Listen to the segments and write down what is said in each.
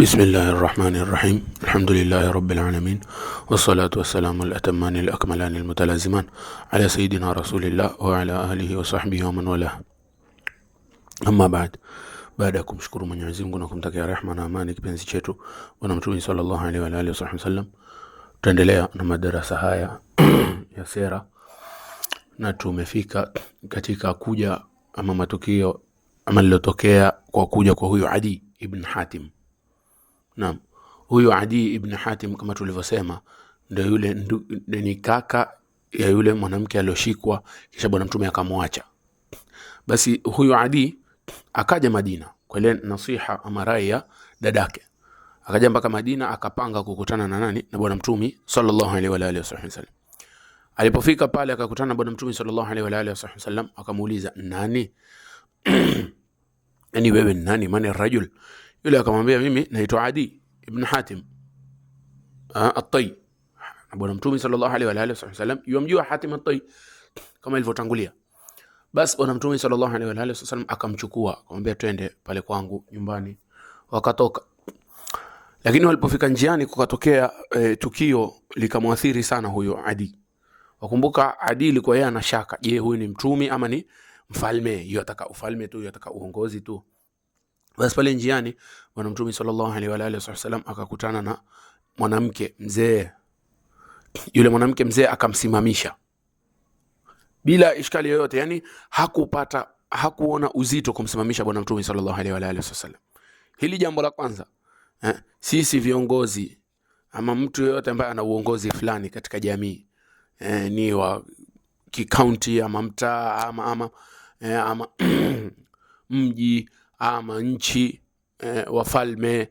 Bismillahi rahmani rahim, alhamdulillahi rabbil alamin, wassalatu wassalamu alatamani alakmalani almutalaziman ala sayidina rasulillah wa ala alihi wa sahbihi wa man wala. Amma baad, baada ya kumshukuru Mwenyezi Mungu na kumtakia rehma na amani kipenzi chetu Bwana Mtume sallallahu alaihi wa alihi wasallam, tutaendelea na madarasa haya ya sera na tumefika katika kuja ama matukio ama lilotokea kwa kuja kwa huyu Adi ibn Hatim Naam, huyu Adi ibn Hatim kama tulivyosema ndio yule ndu, ni kaka ya yule mwanamke aliyoshikwa kisha bwana mtume akamwacha. Basi huyu Adi akaja Madina kwa ile nasiha ama rai ya dadake, akaja mpaka Madina akapanga kukutana na nani? Na bwana mtume sallallahu alaihi wa alihi wasallam. Alipofika pale akakutana na bwana mtume sallallahu alaihi wa alihi wasallam, akamuuliza nani? Yani wewe nani? maana rajul yule akamwambia mimi naitwa Adi ibn Hatim ah, at-Tai. Bwana Mtume sallallahu alaihi wa alihi wasallam yumjua Hatim at kama ilivyotangulia. Basi Bwana Mtume sallallahu alaihi wa alihi wasallam akamchukua, akamwambia twende pale kwangu nyumbani, wakatoka. Lakini walipofika njiani kukatokea e, tukio likamwathiri sana huyo Adi. Wakumbuka Adi ilikuwa yeye ana shaka, je, huyu ni mtume ama ni mfalme? Yeye ataka ufalme tu, yeye ataka uongozi tu. Basi pale njiani Bwana Mtume sallallahu alaihi wa alihi wasallam akakutana na mwanamke mzee. Yule mwanamke mzee akamsimamisha bila ishkali yoyote, yani hakupata hakuona uzito kumsimamisha Bwana Mtume sallallahu alaihi wa alihi wasallam. Hili jambo la kwanza eh, sisi viongozi ama mtu yoyote ambaye ana uongozi fulani katika jamii eh, ni wa kikaunti ama mtaa ama, ama, eh, ama mji ama nchi eh, wafalme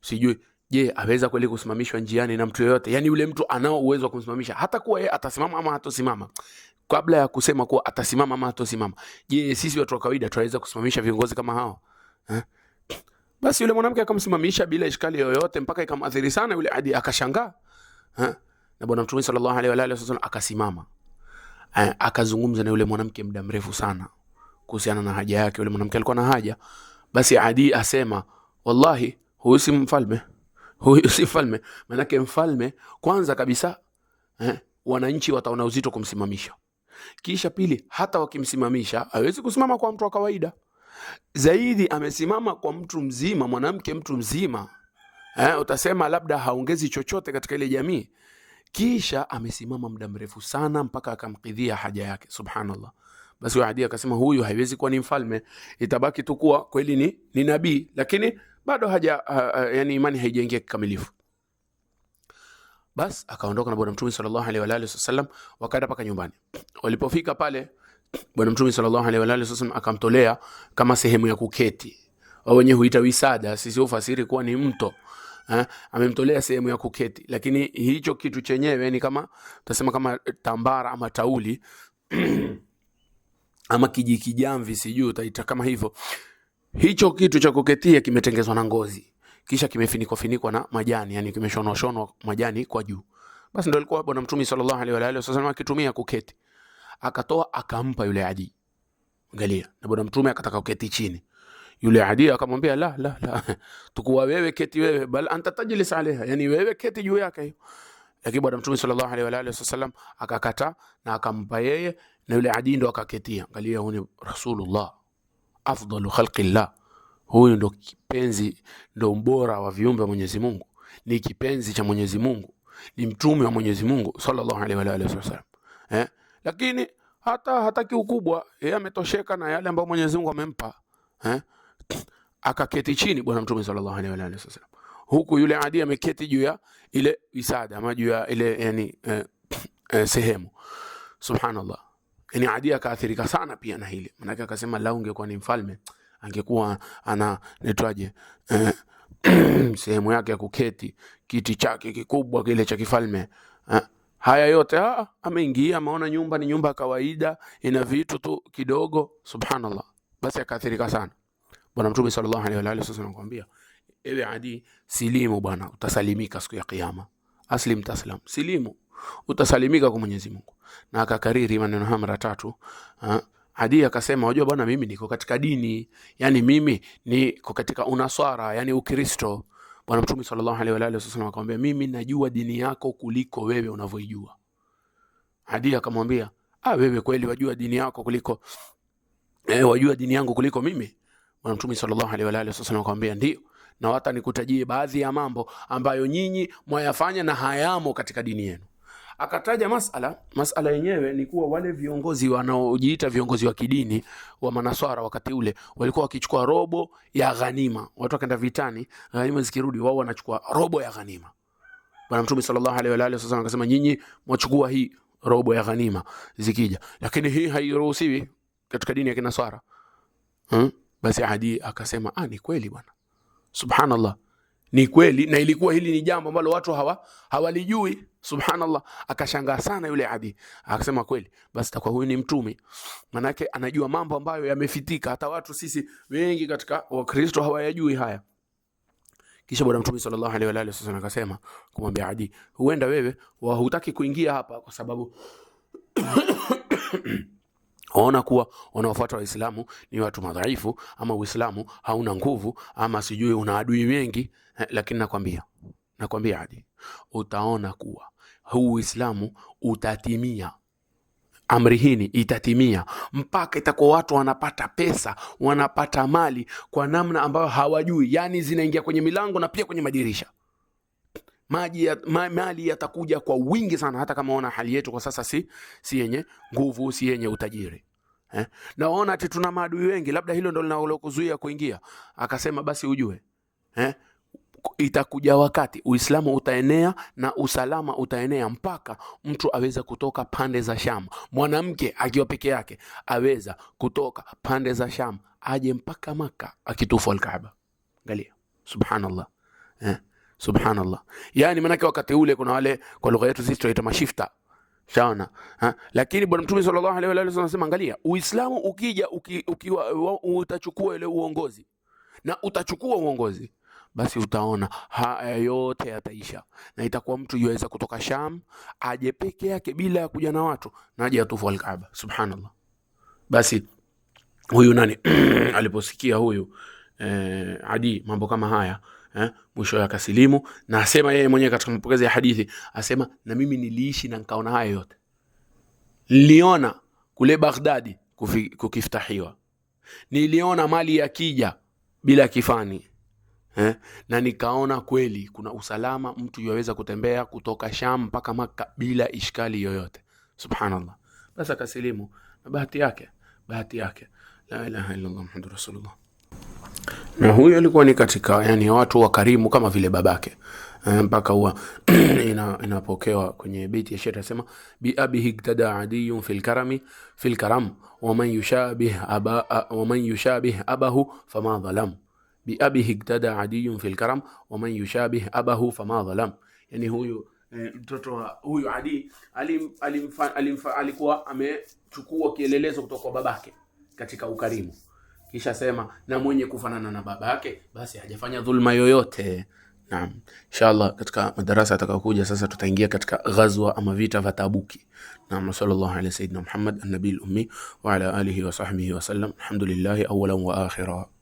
sijui. Je, aweza kweli kusimamishwa njiani na mtu yoyote? Yani yule mtu anao uwezo wa kumsimamisha hata kuwa yeye atasimama ama hatosimama kabla ya kusema kuwa atasimama ama hatosimama. Je, sisi watu wa kawaida tunaweza kusimamisha viongozi kama hao eh? Basi yule mwanamke akamsimamisha bila ishikali yoyote, mpaka ikamathiri sana yule hadi akashangaa ha? Eh? Na Bwana Mtume sallallahu alaihi wa alihi wasallam akasimama eh, akazungumza na yule mwanamke muda mrefu sana kuhusiana na haja yake. Yule mwanamke alikuwa na haja, basi Adi asema wallahi, huyu si mfalme, huyu si mfalme. Maanake mfalme kwanza kabisa eh, wananchi wataona uzito kumsimamisha, kisha pili, hata wakimsimamisha hawezi kusimama kwa mtu wa kawaida zaidi amesimama kwa mtu mzima, mwanamke mtu mzima eh, utasema labda haongezi chochote katika ile jamii. Kisha amesimama muda mrefu sana mpaka akamkidhia haja yake. Subhanallah. Basi huyo Wahadia akasema huyu haiwezi kuwa ni mfalme, itabaki tu kuwa kweli ni, ni nabii, lakini bado haja ha, yani imani haijaingia kikamilifu. Basi akaondoka na Bwana Mtume sallallahu alaihi wa alihi wasallam, wakaenda paka nyumbani. Walipofika pale, Bwana Mtume sallallahu alaihi wa alihi wasallam akamtolea kama sehemu ya kuketi, wao wenyewe huita wisada, sisi ufasiri kuwa ni mto Ha, amemtolea sehemu ya kuketi, lakini hicho kitu chenyewe ni kama tutasema kama tambara ama tauli ama kijikijamvi, sijui utaita kama hivyo. Hicho kitu cha kuketia kimetengezwa na ngozi, kisha kimefinikwa finikwa na majani, yani kimeshonwa shonwa majani kwa juu. Basi ndio alikuwa Bwana Mtume sallallahu alaihi wa alihi wasallam akitumia kuketi, akatoa akampa yule Adi. Angalia, na Bwana Mtume akataka kuketi chini yule Adi akamwambia la la la, tukuwa wewe keti wewe, bal anta tajlis alaiha, yani wewe keti juu yake hiyo lakini bwana Mtume sallallahu alaihi wa alihi wasallam akakata na akampa yeye, na yule Adi ndo akaketia. Angalia, huyu ni Rasulullah, afdalu khalqillah. Huyu ndo kipenzi, ndo mbora wa viumbe wa Mwenyezi Mungu, ni kipenzi cha Mwenyezi Mungu, ni mtume wa Mwenyezi Mungu sallallahu alaihi wa alihi wasallam eh? Lakini hata hataki ukubwa, yeye ametosheka na yale ambayo Mwenyezi Mungu amempa eh? Akaketi chini bwana Mtume sallallahu alaihi wa alihi wasallam huku yule Adi ameketi juu ya ile isada ama juu ya ile yani, eh, eh, sehemu. Subhanallah, yani Adi akaathirika sana pia na hili, maana akasema la, ungekuwa ni mfalme angekuwa ana netwaje eh, sehemu yake ya kuketi, kiti chake kikubwa kile cha kifalme eh. Haya yote ha, ah, ah, ameingia, ameona nyumba ni nyumba ya kawaida, ina vitu tu kidogo. Subhanallah, basi akaathirika sana. Bwana Mtume sallallahu alaihi wa alihi wasallam anakuambia ewe Adi, silimu bwana, utasalimika siku ya Kiyama. Aslim taslam, silimu utasalimika kwa Mwenyezi Mungu. Na akakariri maneno haya mara tatu. Ah, Adi akasema, wajua bwana, mimi niko katika dini, yani mimi niko katika unaswara, yani Ukristo. Bwana Mtume sallallahu alaihi wa alihi wasallam akamwambia, mimi najua dini yako kuliko wewe unavyoijua. Adi akamwambia, ah, wewe kweli wajua dini yako kuliko eh, wajua dini yangu kuliko mimi? Bwana Mtume sallallahu alaihi wa alihi wasallam akamwambia, ndio na hata nikutajie baadhi ya mambo ambayo nyinyi mwayafanya na hayamo katika dini yenu. Akataja masala masala yenyewe ni kuwa wale viongozi wanaojiita viongozi wa kidini wa manaswara wakati ule walikuwa wakichukua robo ya ghanima, watu wakaenda vitani, ghanima zikirudi, wao wanachukua robo ya ghanima. Bwana Mtume sallallahu alaihi wa alihi wasallam akasema, nyinyi mwachukua hii robo ya ghanima zikija, lakini hii hairuhusiwi katika dini ya Kinaswara. Hmm? Basi Adi akasema, ah, ni kweli bwana Subhanallah, ni kweli na ilikuwa hili ni jambo ambalo watu hawa hawalijui. Subhanallah, akashangaa sana yule Adi, akasema kweli basi takuwa huyu ni mtume, manake anajua mambo ambayo yamefitika, hata watu sisi wengi katika Wakristo hawayajui haya. Kisha bwana Mtume sallallahu alaihi wa alihi wasallam akasema kumwambia Adi, huenda wewe hutaki kuingia hapa kwa sababu waona kuwa wanaofuata Waislamu ni watu madhaifu, ama Uislamu hauna nguvu, ama sijui una adui wengi. Eh, lakini nakwambia, nakwambia hadi utaona kuwa huu Uislamu utatimia amri hii itatimia mpaka itakuwa watu wanapata pesa wanapata mali kwa namna ambayo hawajui, yani zinaingia kwenye milango na pia kwenye madirisha maji ya, ma, mali yatakuja kwa wingi sana, hata kama ona hali yetu kwa sasa si, si yenye nguvu, si yenye utajiri eh? Naona ati tuna maadui wengi, labda hilo ndo linalokuzuia kuingia. Akasema basi ujue eh? Itakuja wakati Uislamu utaenea na usalama utaenea mpaka mtu aweza kutoka pande za Sham. Mwanamke akiwa peke yake aweza kutoka pande za Sham aje mpaka Maka akitufu Alkaaba. Angalia, subhanallah eh? Subhanallah. Yaani maanake wakati ule kuna wale kwa lugha yetu sisi tunaita mashifta. Shaona. Ha? Lakini Bwana Mtume sallallahu alaihi wa alihi anasema angalia, Uislamu ukija uki, ukiwa utachukua ile uongozi na utachukua uongozi basi utaona haya yote yataisha, na itakuwa mtu yuweza kutoka Sham aje peke yake bila ya kuja na watu na aje atufu al-Kaaba. Subhanallah. Basi huyu nani aliposikia huyu eh, Adi mambo kama haya eh, mwisho ya kasilimu na asema yeye mwenyewe katika mapokezi ya hadithi asema, na mimi niliishi na nkaona haya yote. Niliona kule Baghdadi kukiftahiwa, niliona mali ya kija bila kifani eh, na nikaona kweli kuna usalama, mtu yaweza kutembea kutoka Sham mpaka Makka bila ishkali yoyote. Subhanallah. Basi akasilimu na bahati yake, bahati yake, la ilaha illallah muhammadur rasulullah na huyo alikuwa ni katika yani watu wa karimu kama vile babake eh, mpaka huwa ina, inapokewa kwenye beti ya sheria sema bi abihi iktada adiyun fi karami fi karam wa man yushabih aba wa man yushabih abahu fama dhalam bi abihi iktada adiyun fi karam wa man yushabih abahu fama dhalam, yani huyu eh, mtoto wa huyu Adi alim, alim, alim, alikuwa amechukua kielelezo kutoka kwa babake katika ukarimu. Kisha sema na mwenye kufanana na baba yake basi hajafanya dhulma yoyote. Naam, inshallah katika madarasa atakayokuja sasa tutaingia katika ghazwa ama vita vya Tabuki. Naam, sallallahu ala sayyidina Muhammad an-nabiy al-ummi wa ala alihi wa sahbihi wa sallam. Alhamdulillah awwalan wa akhira.